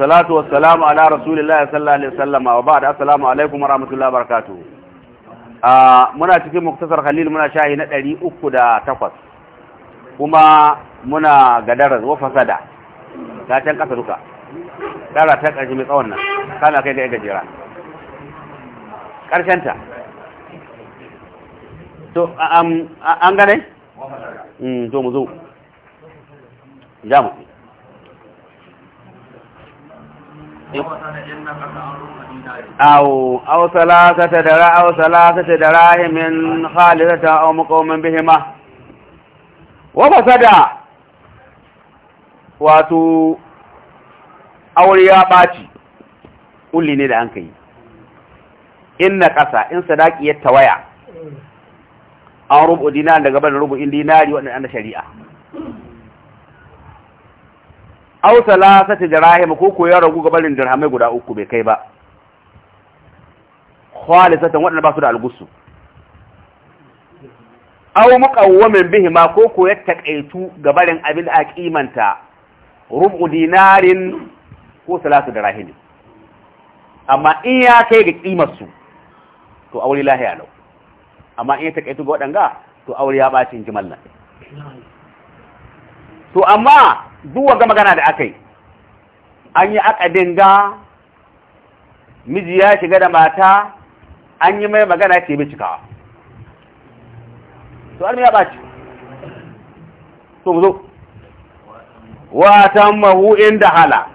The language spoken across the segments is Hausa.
salatu wa salamu ala rasulillahi sallallahu alaihi wasallam wa ba'da assalamu alaikum wa rahmatullahi wa barakatuh ah, muna cikin muktasar khalil muna shahi na 308 kuma muna gadarar wa fasada ta can kasa duka dara ta karshe mai tsawon nan kana kai ga gajera karshen ta to an gane? Mm, to mu zo jamu أو أو ثلاثة درا أو ثلاثة دراهم من خالدة أو مقوم بهما وفسد aure ya ɓaci ƙulli ne da an in na ƙasa in sadaki ya tawaya an rubu dinar daga bada rubu in dinari waɗanda an shari'a aw salasati dirahim ko ko ya ragu ga barin dirhamai guda uku bai kai ba khalisatan wadanda ba su da algusu aw muqawwamin bihima ko ko ya takaitu barin abin da aqimanta rubu dinarin ko salatu dirahim amma in ya kai ga kimar su to aure lahi alau amma in ya takaitu ga wadanga to aure ya bacin nan. to amma zuwa ga magana da aka yi an yi akadin ga miji ya shiga da mata an yi mai magana ce cikawa. to armi ya ɓaci to mu zo watan mahu inda hala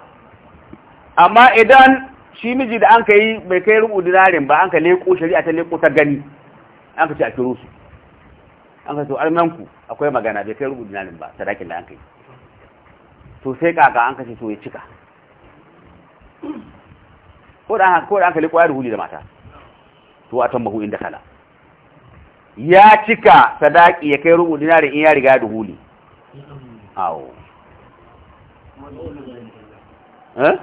amma idan shi miji da an ka yi bai kai rubu dinarin ba an ka leko shari'a ta leko ta gani an ka ce a kiro su an ka to armanku akwai magana bai kai rubu dinarin ba sadakin da an ka yi to sai kaka an kashe so ya cika ko da ko da an kalli huli da mata to a tambahu inda kala ya cika sadaki ya kai rubu dinari in ya riga da huli awo eh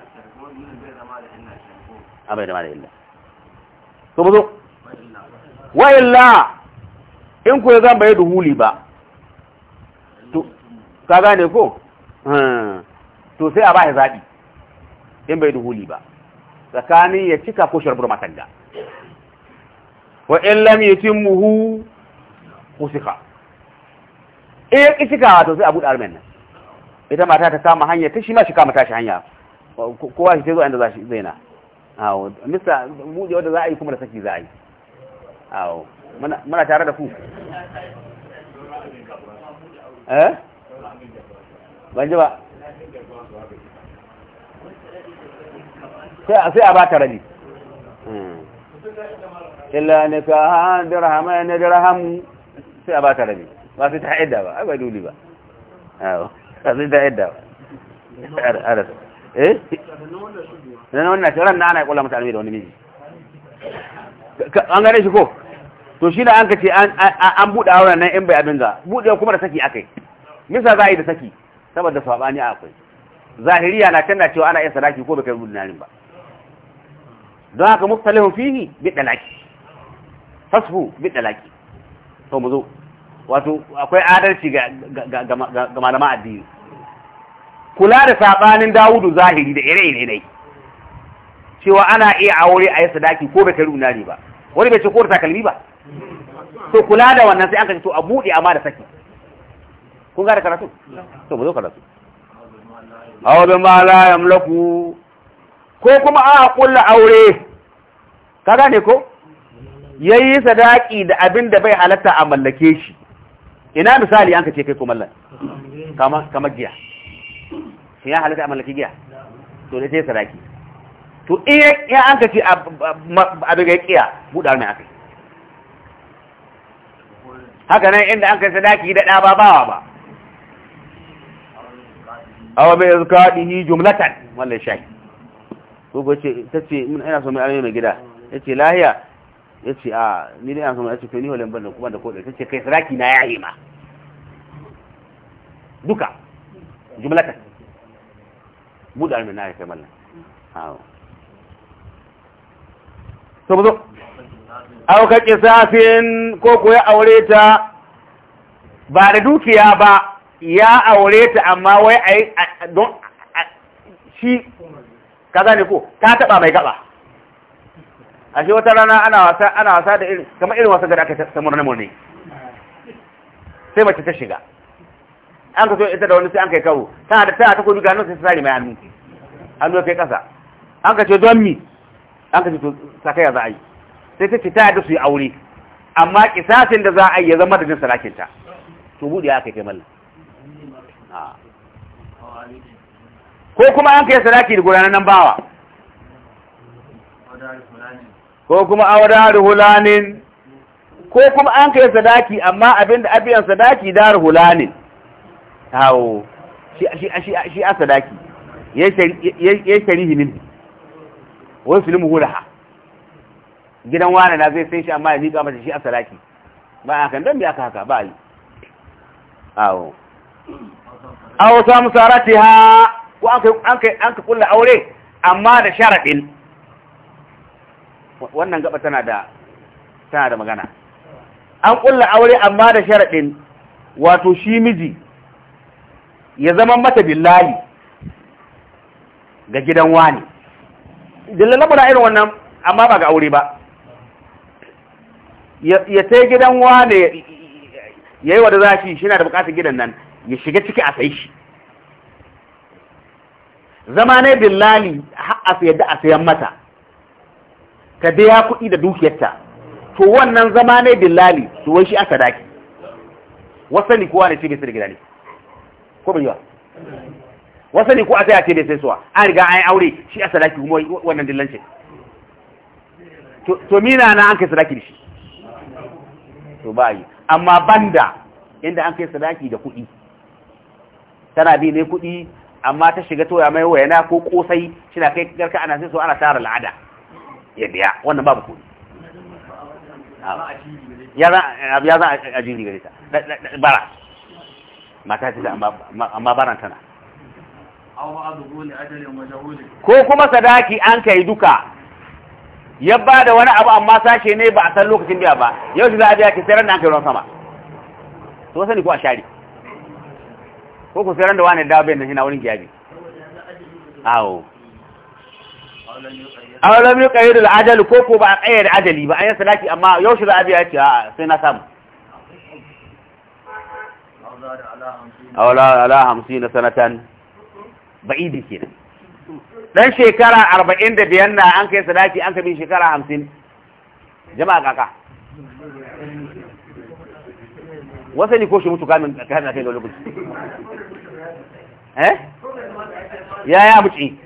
abai da mala illa to bazo wa illa in ku zan bai da huli ba ka gane ko Hmm. to sai a ba shi zaɓi in bai duhuli ba tsakanin ya cika ko shirbur matanga wa in lam yatimmuhu fusika in ya ƙi cikawa to sai a buɗe armen nan ita mata ta kama hanya ta shi ma shi kama tashi hanya kowa shi zo inda za shi zaina awo mista buɗe wanda za a yi kuma da saki za a yi awo muna tare da ku eh ban ji ba sai a baka rabi hmm. illa ne ka ha dirham ya ne dirham sai a baka rabi ba sai ta idda ba ai ba duli ba awo sai ta idda ba aras eh nan wannan ran na ana kula masa almi da wani miji an gane shi ko to shi da an ka ce an buɗe auren nan in bai abin za buɗe kuma da saki akai misa za a yi da saki saboda sabani akwai zahiriya na tana cewa ana yin sadaki ko baka yi narin ba don haka muktalihun fihi bi dalaki fasfu bi dalaki to mu zo wato akwai adalci ga ga malama addini kula da sabanin Dawudu zahiri da ire-ire dai cewa ana iya aure a yi sadaki ko baka yi narin ba wani bai ce ko da takalmi ba to kula da wannan sai an ce to a buɗe amma da saki kun gada karatu to mu zo karatu aw bi ma la yamlaku ko kuma a kulla aure ka gane ko yayi sadaki da abin da bai halatta a mallake shi ina misali an ka ce kai ko mallan kama kama giya shi ya halatta a mallake giya to ne sai sadaki to in ya an ka ce abin ga kiya buɗa ne akai haka nan inda an kai sadaki da ɗa ba bawa ba aw bi izkadihi jumlatan wallahi shahi ko ba ce tace mun ina so mai alai mai gida yace lahiya yace a ni ne yana so mai ce to ni holan ban da kuma da ko da tace kai saraki na yayi ma duka jumlatan da alamai na kai mallan aw to buzo aw ka ko ko ya aure ta ba da dukiya ba ya aure ta amma wai a don a shi ka gane ko ta taba mai gaba a shi wata rana ana wasa ana wasa da irin kamar irin wasa da aka samu na murni sai mace ta shiga an ka so ita da wani sai an kai kawo tana da tana ta kobi gano sai ta mai hannu hannu kai kasa an ka ce don mi an ka ce to sakaya za a yi sai ta ce ta yadda su yi aure amma kisasin da za a yi ya zama da jin sarakinta to buɗe aka kai mallam ko kuma an kai sadaki da gudanar nan bawa ko kuma wada hulanin ko kuma an kai sadaki amma abinda abiyan sadaki dar hulanin hawo shi shi shi a sadaki yayi sharihi min wai filmu ha gidan wani na zai sai shi amma ya miƙa mata shi a sadaki ba a kan dan bi aka haka ba yi awo aw samsaratiha ko ha, ko an kai an ka kulla aure amma da sharaɗin. wannan gaba tana da tana da magana an kulla aure amma da sharadin wato shi miji ya zama mata billahi ga gidan wani dillala muna irin wannan amma ba ga aure ba ya ta gidan wani ya yi wa da za shi shi na da bukatar gidan nan ya shiga ciki a sai shi zama ne billali har a sayar da a sayan mata ta biya kuɗi da dukiyarta to wannan zama ne billali to wai shi aka daki ne kowa ne ce bai da gidane ko bai yawa wasani ko a sai a ce bai sai suwa an riga an yi aure shi a sadaki kuma wannan dillancin to mina na an kai sadaki da shi to ba yi amma banda inda an kai sadaki da kuɗi tana bi ne kuɗi amma ta shiga toya mai wayana ko kosai shina kai garka ana sai so ana tara al'ada ya biya wannan babu kuɗi ya za a jiri gare ta bara mata ta amma baran tana ko kuma sadaki an kai duka ya ba da wani abu amma sashe ne ba a san lokacin biya ba yau shi za a biya ki sayar da an kai ruwan sama to sani ko a shari ko ku sai da wani dawo bai na wurin giyabi awo aw lam yuqayyid al ajal ko ko ba qayyad ajali ba ayan salati amma yau shi za a biya ce a sai na samu awo la ala 50 sanatan ba'idi kenan dan shekara 45 na an kai salati an kai shekara 50 jama'a kaka wasa ne ko shi mutu kamin kai na kai lokaci eh ya ya buci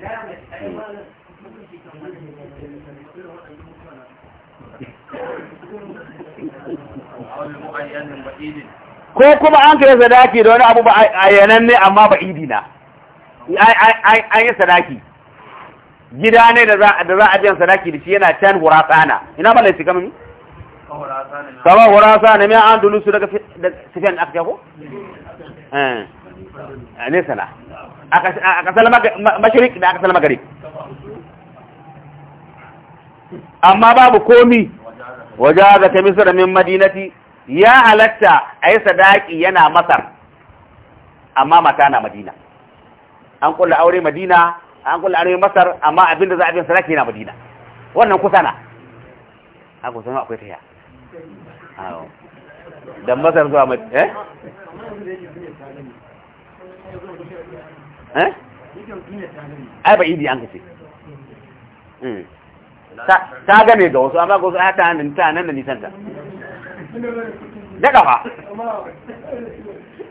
ko kuma an kira sadaki da wani abu ba ayyanan ne amma ba idi na an yi sadaki gida ne da za a biyan sadaki da shi yana can hurasana ina ba laifi kamar kawai hurasana mai an dulusu daga sufiyan da aka ko? Eh. ne sana a kasar mashirik da aka salama gari amma babu komi waje ga ta misira min madinati ya halatta a yi sadaki yana masar amma mata na madina an kulla aure madina an kulla aure masar amma abinda za a bin sadaki yana madina wannan kusa na a kusa ma akwai ta da masar zuwa madina eh Eh? ai ba idi an kace hmm. ta gane da wasu amma ga wasu hata nan ta nan da nisan ta da kafa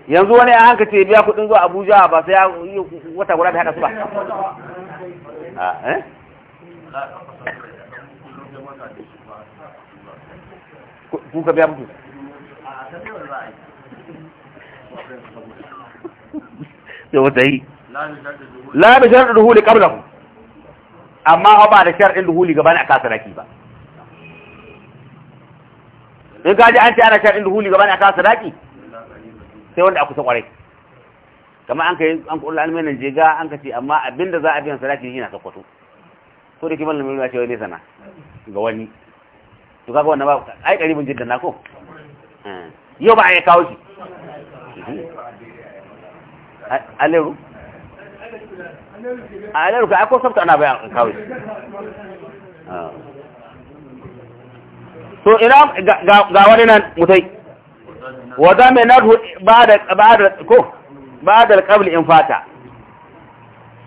yanzu wani an kace biya kudin zuwa Abuja ba sai ya wata gura da hada su ba eh kuka biya mutu da yi labi bi shartu duhuli qablahu amma ba da shartin duhuli a aka sadaki ba in ka ji an ce ana shartin duhuli a aka sadaki sai wanda a kusa kwarai kama an kai an kullu almanin jega an ka ce amma abinda za a biyan sadaki yana sakwato ko da kiman lamin ya ce wani sana ga wani to kaga wannan ba ai karibin jidda na ko eh. yau ba a yi kawo shi mhm. aleru a yanar ka ko sabta ana bayan kawai so ina ga wani nan mutai wadda mai nadu ba da kabli in fata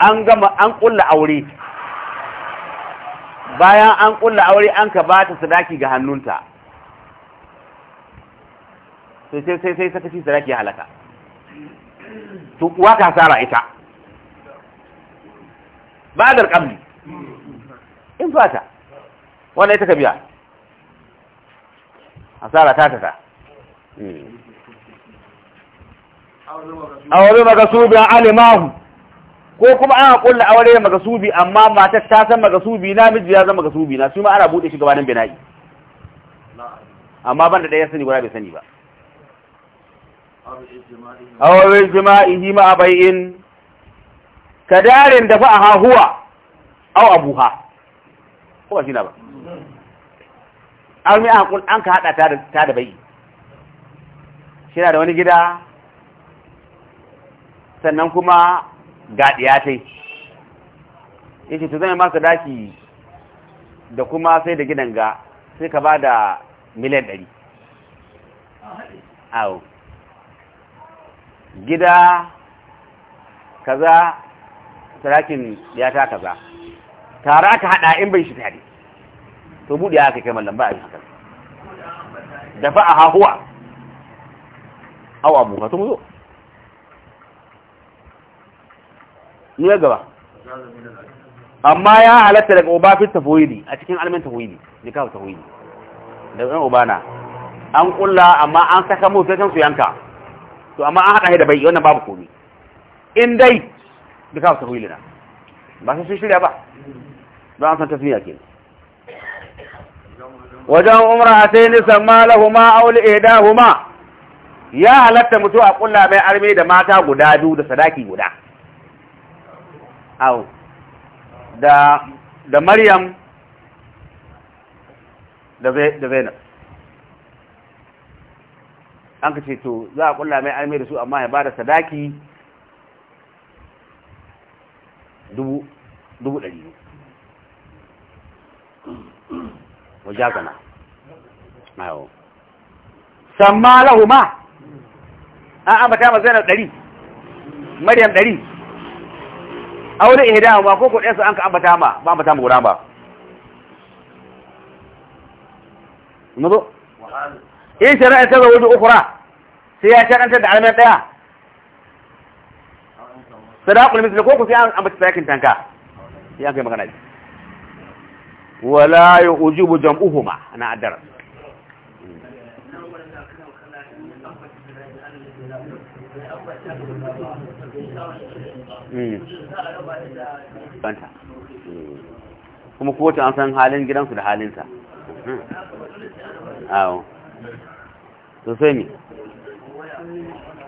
an gama an kulla aure bayan an kulla aure an ka ba ta sadaki ga hannunta sai sai sai sai sai sadaki halaka sai sai sai sara ita ba da ƙamni in fata wannan ita ka biya asara ta tata aure magasubi an alimahu ko kuma ana kulla aure magasubi amma matar ta san magasubi na miji ya zama magasubi na su ma ana bude shi gabanin bina'i amma banda ɗaya sani guda bai sani ba aure jima'i ma a bai'in ka darin da fa'aha huwa aw abuha ko ba shi na ba almi an kun an ka hada ta da bai shi da wani gida sannan kuma ga diyatai yace to zan maka daki da kuma sai da gidan ga sai ka ba da miliyan ɗari awo gida kaza Tarakin ya ta kaza tare aka hada in bai shi tare to buɗe aka kai mallan ba a yi haka da fa a hahuwa awa buka to mu zo ni ya gaba amma ya halatta daga uba fi tafwidi a cikin almin tafwidi ne kawo tafwidi daga ɗan uba na an kulla amma an saka mu sai kan su yanka to amma an haɗa da bai wannan babu komai in dai da kawo tawilina ba sai sun shirya ba don an san tasmiya ke wajen umra sai nisan malahuma auli edahuma ya halatta mutu a kulla mai arme da mata guda biyu da sadaki guda au da da maryam da zainab an ka ce to za a kulla mai arme da su amma ya ba da sadaki dubu dubu ɗari mu ja kana samma lahu ma an ambata ma zainab ɗari maryam ɗari aure ihdahu ma ko ko ɗaya su an ka ambata ma ba ambata ma guda ba nazo in shari'a ta zaune wajen ukura sai ya ta da almar ɗaya sadaqul misli ko ku sai an ambata sakin tanka sai an kai magana ji wala yujibu jam'uhuma ana adara hmm. Kuma kowace an san halin gidansu da halinsa. Hmm. Awo. Sosai ne.